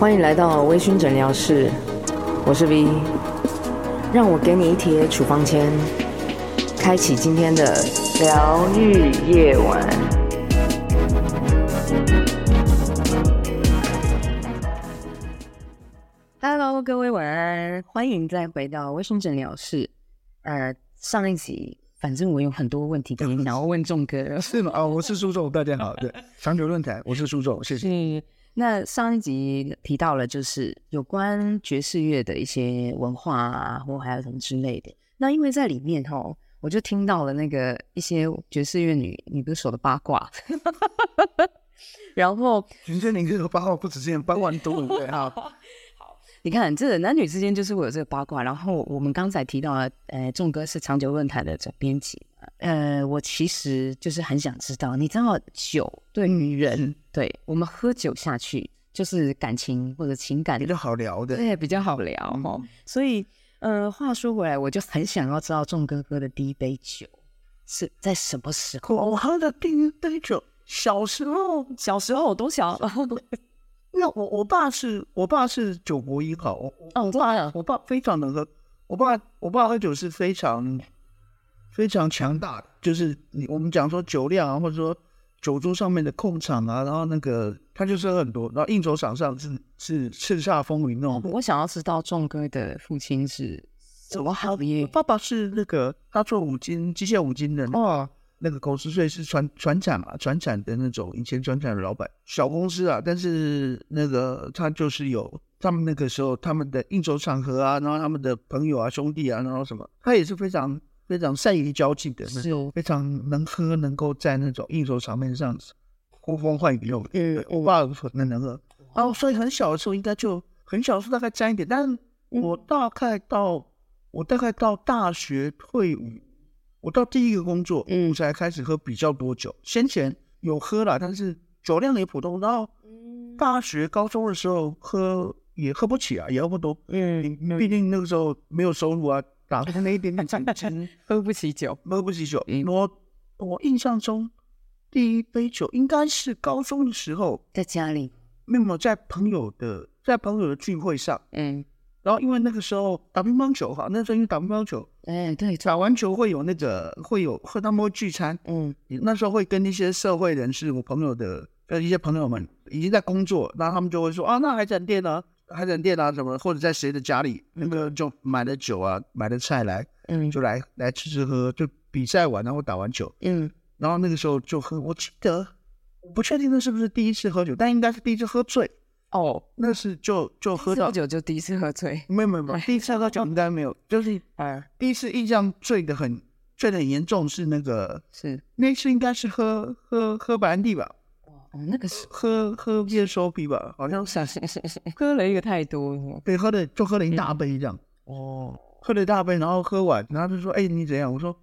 歡迎來到微醺診療室，我是 V，讓我給你一貼處方籤，開啟今天的療癒夜晚。Hello，各位晚安，歡迎再回到微醺診療室。呃，上一集反正我有很多問題跟你想要問重哥， 是嗎？啊、哦，我是蘇重，大家好， 對，藏酒論壇，我是蘇重，謝謝。那上一集提到了，就是有關爵士樂的一些文化啊，或還有什麼之類的。那因為在裡面吼，我就聽到了那個一些爵士樂女女歌手的八卦， 然後徐建林這個八卦不止見，八卦多， 對不對哈好，好你看，這個、男女之間就是會有這個八卦。然後我們剛才提到了，呃，重哥是藏酒論壇的總編輯。呃，我其實就是很想知道，你知道酒對女人，嗯、對我們喝酒下去就是感情或者情感比較好聊的，對，比較好聊哈、嗯哦。所以，呃，話說回來，我就很想要知道重哥哥的第一杯酒是在什麼時候？我，我喝的第一杯酒，小時候，小時候我都小，那我 我，我爸是我爸是酒國一號，哦、我爸，我爸非常能喝，我爸，我爸喝酒是非常。非常強大，就是你我們講說酒量啊，或者說酒桌上面的控場啊，然後那個他就是很多，然後應酬場上是是叱吒風雲那種。哦，我想要知道重哥的父親是怎麼好耶？爸爸是那個他做五金機械五金的嘛，那個五十歲是傳傳產嘛，傳產、啊、的那種以前傳產的老闆小公司啊，但是那個他就是有他們那個時候他們的應酬場合啊，然後他們的朋友啊兄弟啊，然後什麼，他也是非常。非常善於交際的是有，非常能喝，能夠在那種應酬場面上呼風喚雨，又嗯為，我爸可能，能喝。哇哦，所以很小的時候應該就很小的時候大概沾一點，但是我大概到、嗯、我大概到大學退伍，我到第一個工作，嗯，我才開始喝比較多酒。先前有喝了，但是酒量也普通。然後大學高中的時候喝也喝不起啊，也喝不多，嗯，畢竟那個時候沒有收入啊。打成那一點點， 喝不起酒，喝不起酒。嗯、我我印象中第一杯酒應該是高中的時候，在家裡沒有在朋友的，在朋友的聚會上，嗯，然後因為那個時候打乒乓球哈，那時候因為打乒乓球，哎、嗯，對，打完球會有那個會有和他們會聚餐，嗯，那時候會跟一些社會人士，我朋友的呃一些朋友們已經在工作，那他們就會說啊，那還整店啊。海產店啊什麼，或者在誰的家裡，那個就買的酒啊，買的菜來，嗯，就來來吃吃喝，就比賽完然後打完球，嗯，然後那個時候就喝，我記得不確定那是不是第一次喝酒，但應該是第一次喝醉。哦，那是就就喝到酒就第一次喝醉，沒有沒有沒有， 第一次喝酒應該沒有，就是哎，第一次印象醉的很醉的很嚴重是那個是那次應該是喝喝喝白蘭地吧。哦，那個是喝喝椰燒啤吧，好像喝了一個太多，對，喝了一就喝了一大杯這樣。哦，喝了一大杯，然後喝完，然後就說：“哎，你怎樣？”我說：“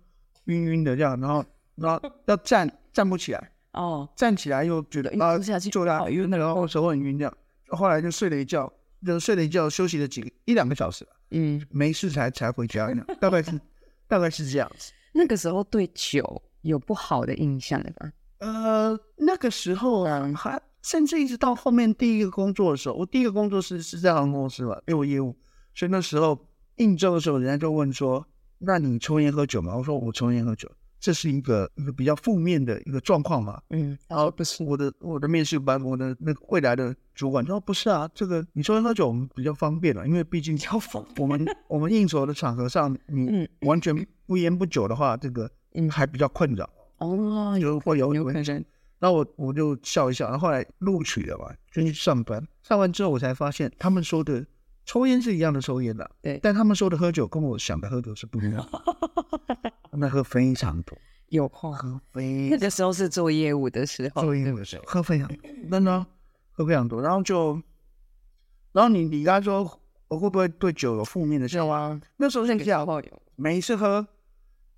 暈暈的這樣。”然後，然後要站，站不起來。哦，站起來又覺得坐不下去，因為那個後手很暈，這樣。後來就睡了一覺，就睡了一覺，休息了幾個一兩個小時吧嗯，沒事才才回家，大概是大概是這樣子。那個時候對酒有不好的印象了吧。呃，那個時候啊，還、嗯、甚至一直到後面第一個工作的時候，我第一個工作是是在航空公司嘛，業務業務，所以那時候應酬的時候，人家就問說：“那你抽煙喝酒嗎？”我說：“我抽煙喝酒。”這是一個一個比較負面的一個狀況嘛。嗯，然後不是我的我的面試官，我的那個未來的主管他說：“不是啊，這個你抽煙喝酒我們比較方便嘛，啊，因為畢竟要訪 我們我們應酬的場合上，你完全不煙不酒的話，這個還比較困擾。”哦，有，會有有然後，那我我就笑一笑，然後後來錄取了嘛，就去上班。上完之後，我才發現他們說的抽菸是一樣的抽菸的，對。但他們說的喝酒跟我想的喝酒是不一樣，那喝非常多，有喝，那時候是做業務的時候，做業務的時候喝非常多，真的喝非常多。然後就，然後你你剛才說我會不會對酒有負面的？有啊，那時候是比較，每一次喝，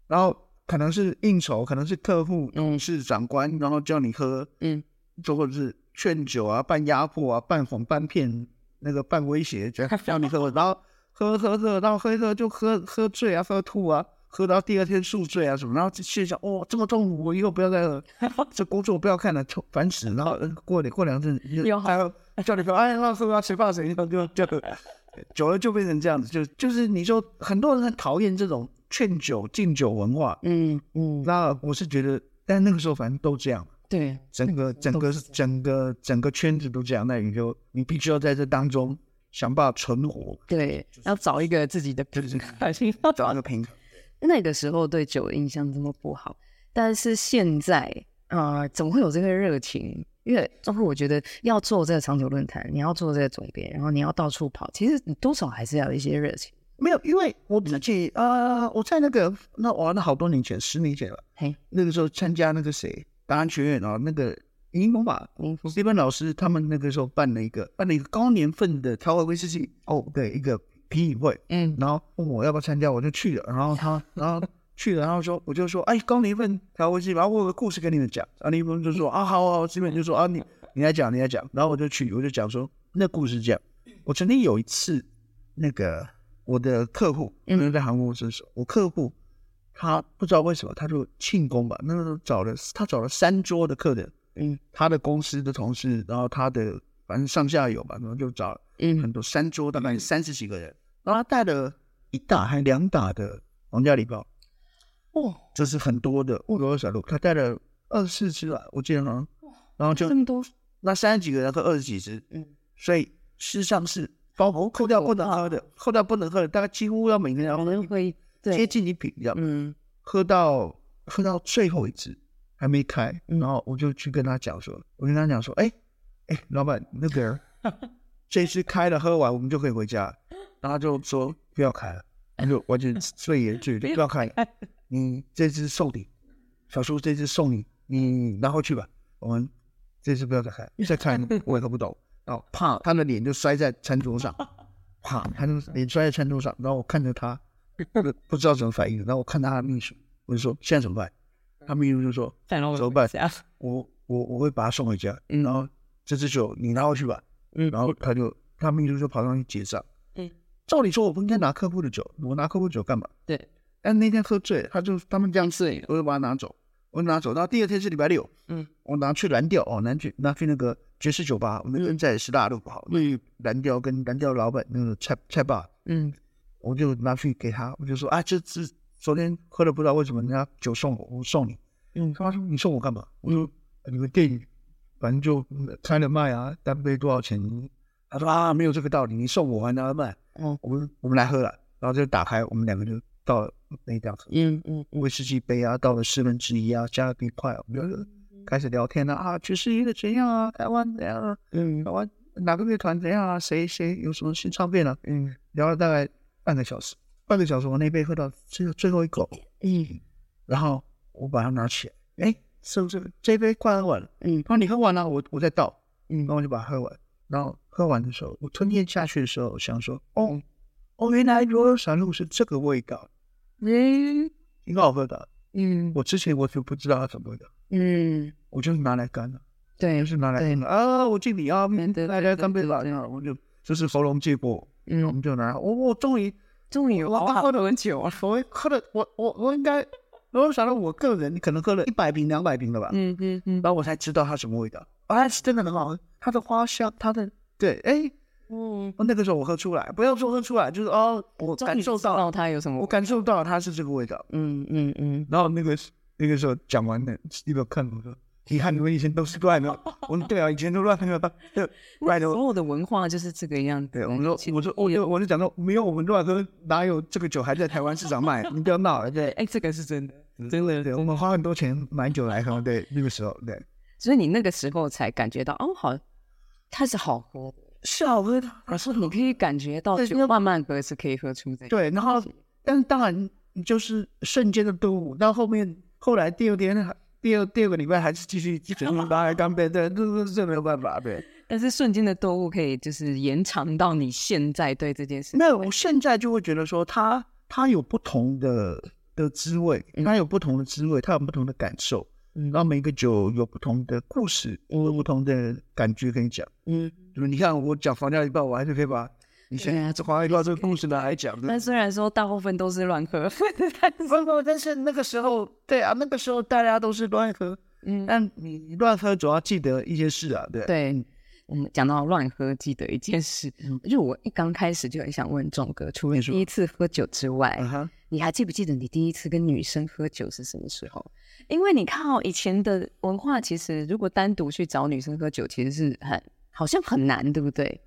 然後。可能是應酬，可能是客戶，嗯，是長官，然後叫你喝，嗯，或者是勸酒啊，半壓迫啊，半哄半騙，那個半威脅，叫你喝， 然後喝喝喝，然後喝喝就喝喝醉啊，喝吐啊，啊，喝到第二天宿醉啊什麼，然後心想哦，這麼痛苦，我以後不要再喝， 這工作不要看了，啊，煩死，然後過兩過兩陣，還有， 哎、叫你說哎，那喝完誰怕誰，就就，就久了就，就，就，就變成這樣子，就就是你說很多人很討厭這種。勸酒敬酒文化，嗯嗯，嗯，那我是覺得，但那個時候反正都這樣，對，整個整個是整個整個圈子都這樣，那你就你必須要在這當中想辦法存活，對，就是，要找一個自己的平衡，就是， 找一個平衡。 那個時候對酒的印象這麼不好，但是現在，啊、呃，怎麼會有這個熱情？因為總會我覺得要做這個藏酒論壇，你要做這個總編，然後你要到處跑，其實你多少還是要有一些熱情。沒有，因為我自己啊、呃，我在那個那玩了好多年前，十年前了，嘿，Hey. 那個時候參加那個誰，檔案學院啊，那個英峰吧，嗯，Steven 老師他們那個時候辦了一個、嗯、辦了一個高年份的調和威士忌，哦對，一個品飲會，嗯，然後問我要不要參加，我就去了，然後他然後去了， 然後說我就說，我就說哎高年份調和威士忌然後我有個故事跟你們講，啊林峰就說啊好啊 Steven 就說啊你你來講你來講，然後我就去我就講說那故事這樣，我曾經有一次那個。我的客戶，嗯，因為在韓國公司，我客戶，他不知道為什麼，他就慶功吧，那時候找了他找了三桌的客人，嗯，他的公司的同事，然後他的反正上下游吧，然後就找嗯，很多三桌大概、嗯、三十幾個人，嗯、然後他帶了一打還兩打的皇家禮炮。哇、哦，這是很多的，我都有小路，他帶了二十四隻啊，我記得好像，然後就更、哦、多，那三十幾個人和二十幾隻，嗯，所以事實上是。包括扣掉不能喝的，扣掉不能喝的，大概幾乎要每天，我們會接近一瓶，這樣，嗯，喝到喝到最後一次還沒開，然後我就去跟他講說，我跟他講說，哎、欸、哎、欸，老闆那個這次開了喝完，我們就可以回家了。 然後他就說不要開了， 就完全醉也醉不要開，你這只送你，小叔這只送你，你拿回去吧，我們這次不要再開，再開我也喝不懂。 哦，然後啪，他的臉就摔在餐桌上，啪，他的臉摔在餐桌上。然後我看着他， 不知道怎麼反應。然後我看到他的秘書，我就說：“現在怎麼辦？”他秘書就說：“怎麼辦？我我我會把他送回家。”嗯，然後這支酒你拿回去吧。嗯，然後他就他秘書就跑上去結賬。對、嗯。照理說我不應該拿客戶的酒，我拿客戶酒幹嘛？對、嗯。但那天喝醉，他就他們這樣睡，我就把它拿走，我就拿走。然後第二天是禮拜六，嗯，我拿去藍調哦，拿去拿去那個。爵士酒吧，我們人在是大陸好對，為藍調跟藍調老闆那個蔡蔡爸，嗯，我就拿去給他，我就說啊，這這，這昨天喝了不知道為什麼人家酒送我，我送你，嗯，他說你送我幹嘛？嗯、我說你們店裡，反正就開了賣啊，單杯多少錢？他說啊，沒有這個道理，你送我還拿來賣？嗯，我們我們來喝了，然後就打開，我們兩個就倒那樣子、嗯，嗯嗯，威士忌杯啊，倒了四分之一啊，加冰塊，嗯。開始聊天了啊，趨勢一個怎樣啊，台灣、嗯、怎樣啊？嗯，台灣哪個樂團怎樣啊？誰誰有什麼新唱片啊，嗯，聊了大概半個小時，半個小時我那杯喝到最最後一口，嗯，然後我把它拿起來，哎，是不是這杯快喝完了？嗯，那你喝完了，啊，我我再倒，嗯，然後我就把它喝完。然後喝完的時候，我吞嚥下去的時候，想說，哦，哦，原來羅三路是這個味道，嗯，挺好喝的。嗯，我之前我就不知道它什麼味道，嗯，我就是拿來乾的，對，就是拿來乾的啊，我敬你啊，大家乾杯吧，然後我就就是喉嚨借過，嗯，我們就拿，我我終於終於我喝多少酒啊？我喝了我我我應該，我想到我個人可能喝了一百瓶兩百瓶了吧，嗯嗯。嗯，然後我才知道它什麼味道，啊，是真的很好喝，它的花香，它的對，哎。嗯，那個時候我喝出來，不要說喝出來，就是哦，我感受到它有什麼，我感受到它是這個味道。嗯嗯嗯。然後那個那個時候講完了，你有看到說遺憾，我們以前都是亂喝。我們對啊，以前都亂喝的，對，亂喝。所有的文化就是這個樣子。我們說，我說，我，我就講到，沒有我們亂喝，哪有這個酒還在台灣市場賣？你不要鬧了，對。哎，這個是真的，真的。對我們花很多錢買酒來喝，對那個時候，對。所以你那個時候才感覺到，哦，好，它是好喝。是啊，我，可是你可以感覺到慢慢喝是可以喝出這個。對，然後但是當然就是瞬間的頓悟，到後，後面後來第二天第二第二個禮拜還是繼續整，然後來乾杯，對，這這沒有辦法，對。但是瞬間的頓悟可以就是延長到你現在對這件事情。情。那我現在就會覺得說它，它它有不同的的滋，不同的滋味，它有不同的滋味，它有不同的感受，嗯嗯，然後每個酒有不同的故事，有不同的感覺跟你講，嗯。你看我講房價一半我還可以吧？想想這話，一段這個共識呢來講的。那雖然說大部分都是亂喝，但是那個時候，對啊，那個時候大家都是亂喝。嗯，但你亂喝主要記得一件事啊，對。對，我們講到亂喝，記得一件事。就我一剛開始就很想問重哥，除了第一次喝酒之外，你還記不記得你第一次跟女生喝酒是什麼時候？因為你看哦，以前的文化其實，如果單獨去找女生喝酒，其實是很。好像很難，對不對？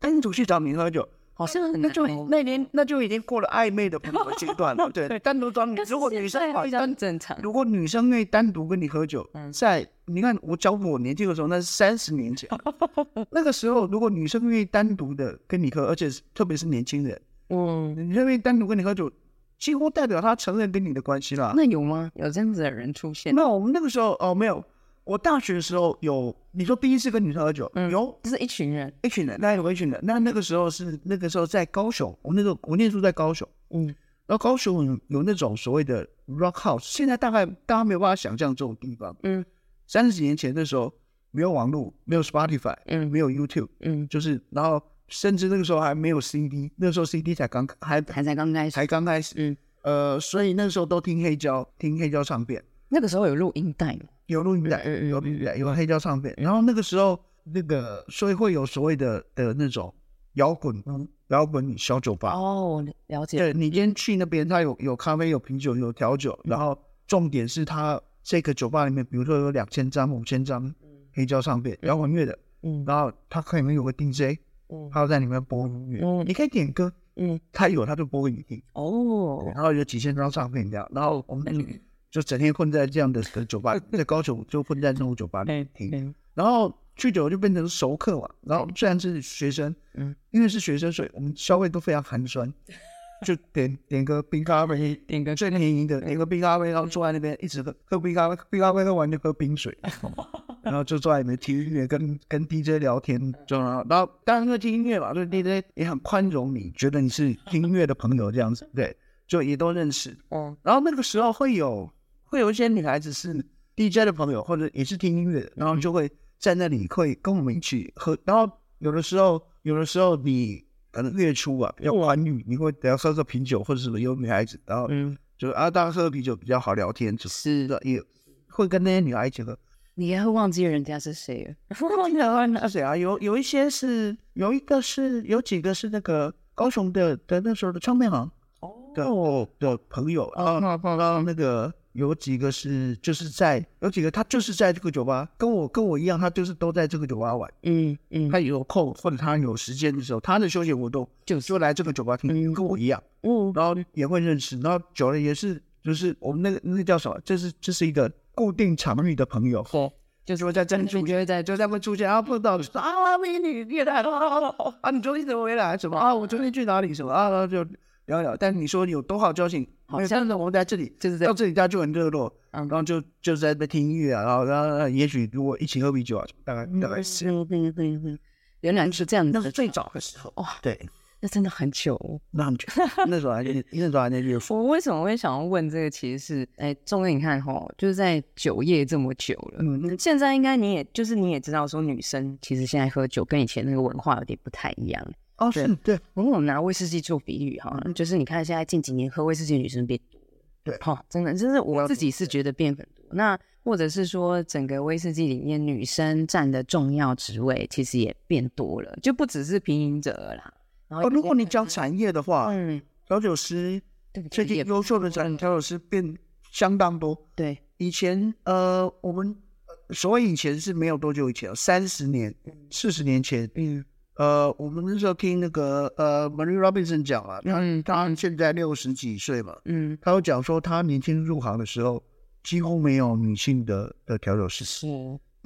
單獨去找你喝酒，好像很難，哦那。那就那已，那就已經過了曖昧的朋友階段了。 對，單獨找女，如果女生好像很正常。如果女生願意單獨跟你喝酒，嗯，在你看我講我年輕的時候，那是三十年前， 那個時候如果女生願意單獨的跟你喝，而且特別是年輕人，嗯，女生願意單獨跟你喝酒，幾乎代表她承認跟你的關係了。那有嗎？有這樣子的人出現？那我們那個時候哦，沒有。我大學的時候有，你說第一次跟女生喝酒，嗯、有，這是一群人，一群人，那有一群人。那那個時候是那個時候在高雄，我那個我念書在高雄，嗯，然後高雄有有那種所謂的 rock house，現在大概大家沒有辦法想象，這種地方，嗯，三十幾年前的時候沒有網絡，沒有 Spotify，嗯，沒有 YouTube，嗯，就是，然後甚至那個時候還沒有 CD，那時候 CD 才剛還才才剛開始，才剛開始，嗯，呃，所以那個時候都聽黑膠，聽黑膠唱片。那個時候有錄音帶嗎？有錄音帶，有有黑膠唱片。然後那個時候，那個所以會有所謂的的那種搖滾，搖滾小酒吧。哦，了解。對你今天去那邊，他有有咖啡，有啤酒，有調酒。然後重點是他這個酒吧裡面，比如說有兩千張、五千張黑膠唱片，搖滾樂的。嗯。然後他可能有個 DJ，嗯，他在裡面播音樂。嗯。你可以點歌。嗯。他有他就播給你聽。哦。然後有幾千張唱片這樣。然後我們。就整天混在這樣的酒吧，在高雄就混在那種酒吧裡聽，然後去久了就變成熟客了。然後雖然是學生，嗯，因為是學生所以我們消費都非常寒酸，就點點個冰咖啡，點個最便宜的，點個冰咖啡，然後坐在那邊一直喝喝冰咖冰咖啡，喝完就喝冰水，然後就坐在那邊聽音樂，跟跟 DJ 聊天，就然後，然後當然會聽音樂吧，就 DJ 也很寬容你，你覺得你是聽音樂的朋友這樣子，對，就也都認識。嗯，然後那個時候會有。會有一些女孩子是 DJ 的朋友，或者也是聽音樂，然後就會在那裡會跟我們一起喝。嗯、然後有的時候，有的時候你可能月初啊、哦、啊要玩女，你會等下喝個啤酒或者什麼有女孩子，然後嗯，就是啊，大家喝啤酒比較好聊天，就是的，也會跟那些女孩子喝。你還會忘記人家是誰？沒有，是誰啊？有有一些是，有一個是，有幾個是那個高雄的、的那時候的唱片行的哦的朋友，啊，然後那個。有幾個是就是在，有幾個他就是在這個酒吧，跟我跟我一樣，他就是都在這個酒吧玩。嗯嗯，嗯他有空或者他有時間的時候，嗯、他的休閒活動，就說、是、來這個酒吧聽，嗯、跟我一樣。嗯，然後也會認識，然後久了也是就是我們那個那個、叫什麼？這、就是這、就是一個固定場域的朋友。哦，就是就在珍珠就在出會，在就在會出現，然後碰到、嗯、就啊美女你來了啊,啊,啊，你昨天怎麼回來？什麼啊？我昨天去哪裡？什麼啊？然後就。聊一聊，但是你說有多好交情？好像。我們在這裡，就是這樣，到這裡大家就很熱絡，嗯嗯然後就就是在那聽音樂啊，然後然後也許如果一起喝啤酒啊，大概大概是，原來是這樣子的，最早的時候，哇、哦，對，那真的很久，哦，那很久，那時候還， 那時候還那句。我為什麼會想要問這個？其實是，哎，重哥，你看哈，喔，就是在酒業這麼久了，嗯，嗯，現在應該你也就是你也知道，說女生其實現在喝酒跟以前那個文化有點不太一樣。哦、啊，對，對對，我我們拿威士忌做比喻，哈，嗯、就是你看現在近幾年喝威士忌的女生變多，對哈、哦，真的，就是我自己是覺得變很多。那或者是說，整個威士忌裡面女生佔的重要職位其實也變多了，就不只是品飲者了啦。然後了哦，如果你講產業的話，嗯，調酒師，最近優秀的調調酒師變相當多。對，以前呃，我們所謂以前是沒有多久以前，三十年、四十、嗯、年前，嗯。呃，我們那時候聽那個呃，Mary Robinson 講啊，她他現在六十幾歲嘛，嗯，他有講說他年輕入行的時候幾乎沒有女性的的調酒師，是。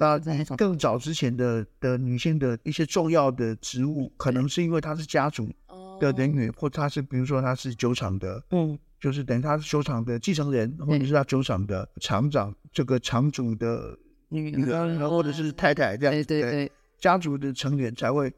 那更早之前的的女性的一些重要的職務，可能是因為她是家族的女人，或她是比如說她是酒廠的，嗯，就是等於她是酒廠的繼承人，或者是她酒廠的廠長，這個廠主的女兒，然後或者是太太這樣。對對對，家族的成員才會。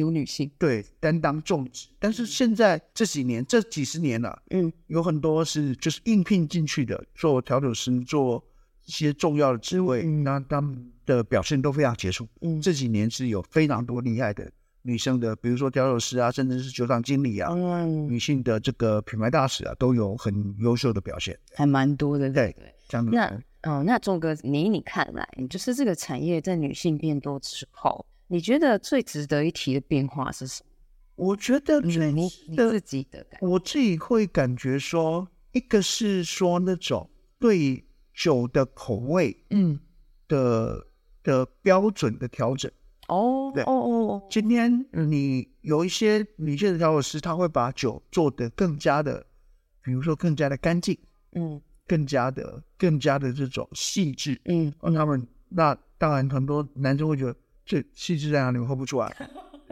有女性對擔當重職，但是現在這幾年這幾十年了、啊，嗯，有很多是就是應聘進去的做調酒師，做一些重要的職位，那、嗯、他們的表現都非常傑出。嗯，這幾年是有非常多厲害的女生的，比如說調酒師啊，甚至是酒廠經理啊，嗯，女性的這個品牌大使啊，都有很優秀的表現，還蠻多的。對對，像那哦，那重哥，你你看來你就是這個產業在女性變多之後，你覺得最值得一提的變化是什麼？我覺得,得你你自己的感覺，我自己會感覺說，一個是說那種對酒的口味的，嗯的的標準的調整哦，對哦哦哦。今天你有一些女性的調酒師，他會把酒做得更加的，比如說更加的乾淨，嗯，更加的更加的這種細緻，嗯，他們那當然很多男生會覺得。這細緻在哪裡，我喝不出來。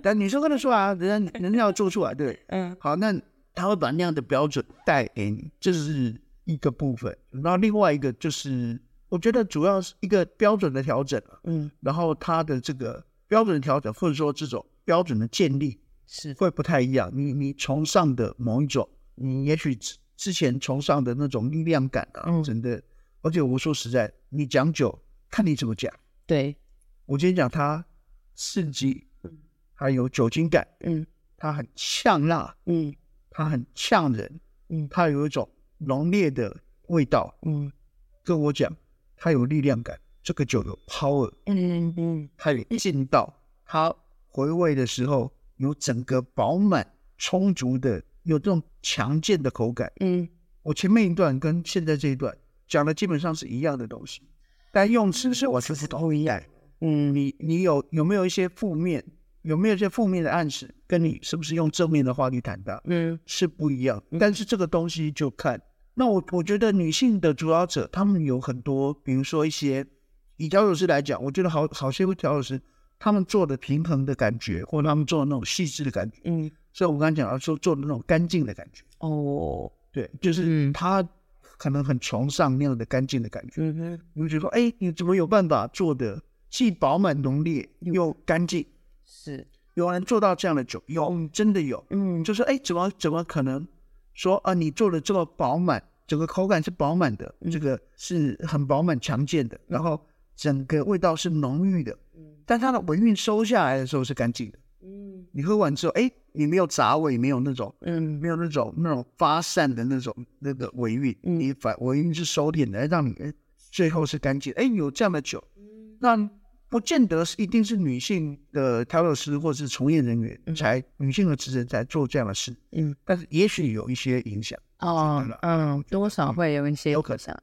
但女生跟他說啊，人家人家要做出來，對，嗯。好，那他會把那樣的標準帶給你，這是一個部分。那另外一個就是，我覺得主要是一個標準的調整。嗯。然後它的這個標準的調整，或者說這種標準的建立，是會不太一樣。你你崇尚的某一種，你也許之前崇尚的那種力量感啊，真的。而且我說實在，你講酒，看你怎麼講，對。我今天講它刺激，嗯，它有酒精感，嗯，它很嗆辣，嗯，它很嗆人，嗯，它有一種濃烈的味道，嗯，跟我講它有力量感，這個酒有 power，嗯嗯，它、嗯、有、嗯、勁道，它、嗯、回味的時候好有整個飽滿充足的，有這種強健的口感，嗯，我前面一段跟現在這一段講的基本上是一樣的東西，但用詞是我是不是都一樣？嗯嗯，你你有有沒有一些負面，有沒有一些負面的暗示？跟你是不是用正面的話去談的，嗯，是不一樣。嗯，但是這個東西就看，那我我覺得女性的主導者，她們有很多，比如說一些以調酒師來講，我覺得好好些位調酒師，他們做的平衡的感覺，或者他們做的那種細緻的感覺，嗯，所以我，我剛才講到說做的那種乾淨的感覺，哦，對，就是他可能很崇尚那樣的乾淨的感覺，嗯嗯，你會覺得說，哎、欸，你怎麼有辦法做的？既飽滿濃烈又乾淨，是有人做到這樣的酒，有真的有，嗯，是 嗯，就是哎，怎麼怎麼可能說啊？你做的這麼飽滿，整個口感是飽滿的。嗯，這個是很飽滿強健的，然後整個味道是濃郁的，但它的尾韻收下來的時候是乾淨的，嗯，你喝完之後，哎，你沒有雜味，沒有那種，嗯，沒有那種那種發散的那種那個尾韻，嗯，你反尾韻是收斂的，讓你最後是乾淨，哎，有這樣的酒，那。不見得是一定是女性的調酒師或者是從業人員，才女性的職責在做這樣的事，嗯，嗯，但是也許有一些影響哦，嗯，多少會有一些，有可能。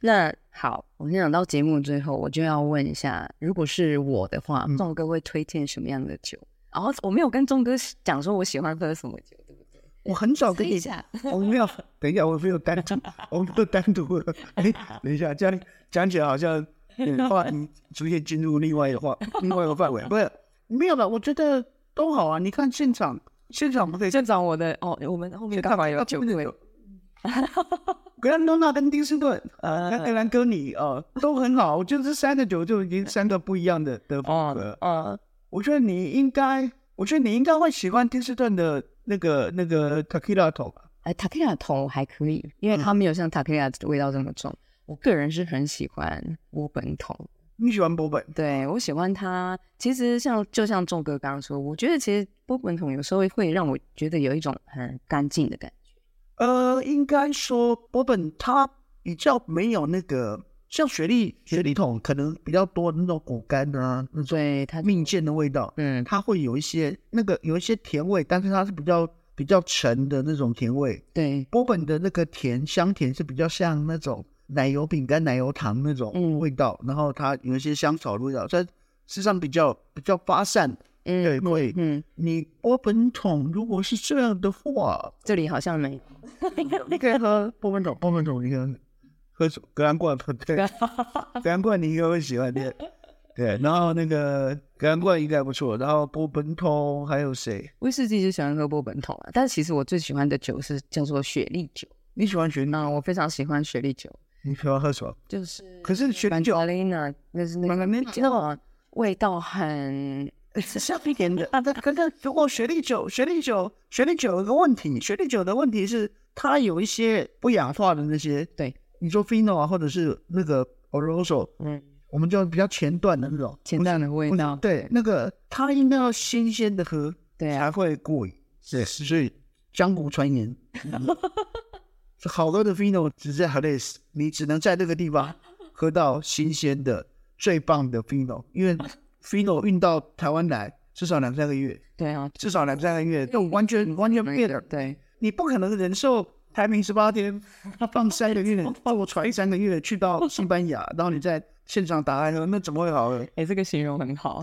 那好，我們講到節目最後，我就要問一下，如果是我的話，重、嗯、哥會推薦什麼樣的酒？然後、哦、我沒有跟重哥講說我喜歡喝什麼酒，對不對？我很少跟你講下，我沒有，等一下，我沒有單獨， 我們都單獨，哎、欸，等一下，這樣你講起來好像。 的話，你直接進入另外的話，另外一個範圍，不是沒有的。我覺得都好啊。你看現場，現場不對，現場我的哦，我們後面幹嘛有，九沒有9個 9。 格蘭諾娜跟丁斯頓，呃，格蘭哥尼呃，都很好，就是三個酒就已經三個不一樣的的風格啊。我覺得你應該，我覺得你應該會喜歡丁斯頓的那個那個塔吉拉桶。哎、欸，塔吉拉桶還可以，因為它沒有像塔吉拉的味道這麼重。嗯我個人是很喜歡波本桶，你喜歡波本？對，我喜歡它。其實像就像重哥剛剛說，我覺得其實波本桶有時候會讓我覺得有一種很乾淨的感覺。呃，應該說波本它比較沒有那個像雪莉雪莉桶可能比較多那種果乾啊，對它蜜餞的味道。嗯，它,它會有一些那個有一些甜味，但是它是比較比較沉的那種甜味。對，波本的那個甜香甜是比較像那種。奶油餅乾、奶油糖那種味道，嗯、然後它有一些香草味道，但事實上比較比較發散，對，可以。你波本桶如果是這樣的話，這裡好像沒。你可以喝波本桶，嗯、波本桶應該 喝格蘭罐，對，格蘭 罐你應該會喜歡的。對，然後那個格蘭罐應該不錯。然後波本桶還有誰？威士忌就喜歡喝波本桶、啊、但其實我最喜歡的酒是叫做雪莉酒。你喜歡雪莉嗎？我非常喜歡雪莉酒。你喜歡喝什麼？就是。可是雪莉酒，就是那個那種味道很香一點的。但是，但是，不過雪莉酒，雪莉酒，雪莉酒有個問題，雪莉酒的問題是它有一些不氧化的那些。對，你說 fino 啊，或者是那個 oloroso，嗯，我們就比較前段的那種前段的味道。對，那個它應該要新鮮的喝，對，才會過癮。對，所以江湖傳言。好多的 fino 只在赫雷斯你只能在這個地方喝到新鮮的、最棒的 fino，因為 fino 運到台灣來至少兩三個月。對啊，至少兩三個月。就完全完全不對的。對，你不可能忍受台名十八天，他放三個月，括傳一三個月去到西班牙，然後你在現場打開喝，那怎麼會好喝？哎，這個形容很好。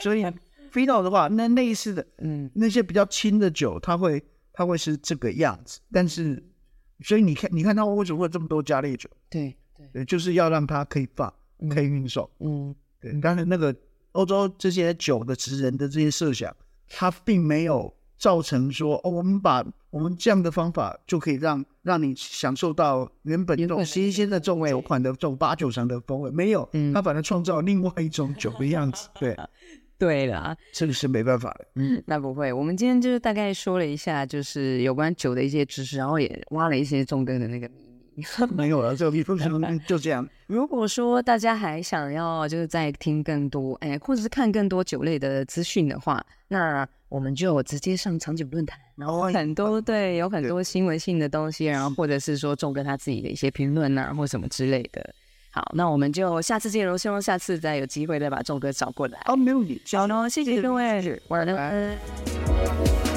所以 fino 的話，那類似的，嗯，那些比較輕的酒，它會它會是這個樣子，但是。所以你看，你看他為什麼會這麼多加烈酒？對對，對，就是要讓它可以放，可以運送。嗯，對。但是那個歐洲這些酒的職人的這些設想，它並沒有造成說，哦，我們把我們這樣的方法就可以讓讓你享受到原本那種新鮮的這種對款的這種八九成的風味，沒有。嗯，它反而創造另外一種酒的樣子。嗯、對。 對啦、啊，這個是沒辦法的。嗯，那不會，我們今天就是大概說了一下，就是有關酒的一些知識，然後也挖了一些重哥的那個 沒有了，就蜂可能就這樣。 如果說大家還想要就是再聽更多哎，或者是看更多酒類的資訊的話，那我們就直接上藏酒論壇，然後很多、哦、對，有很多新聞性的東西，對然後或者是說重哥他自己的一些評論啊，或什麼之類的。好，那我們就下次見嘍。希望下次再有機會再把重哥找過來。好，oh, no，沒有你。好嘍，謝謝各位，晚安。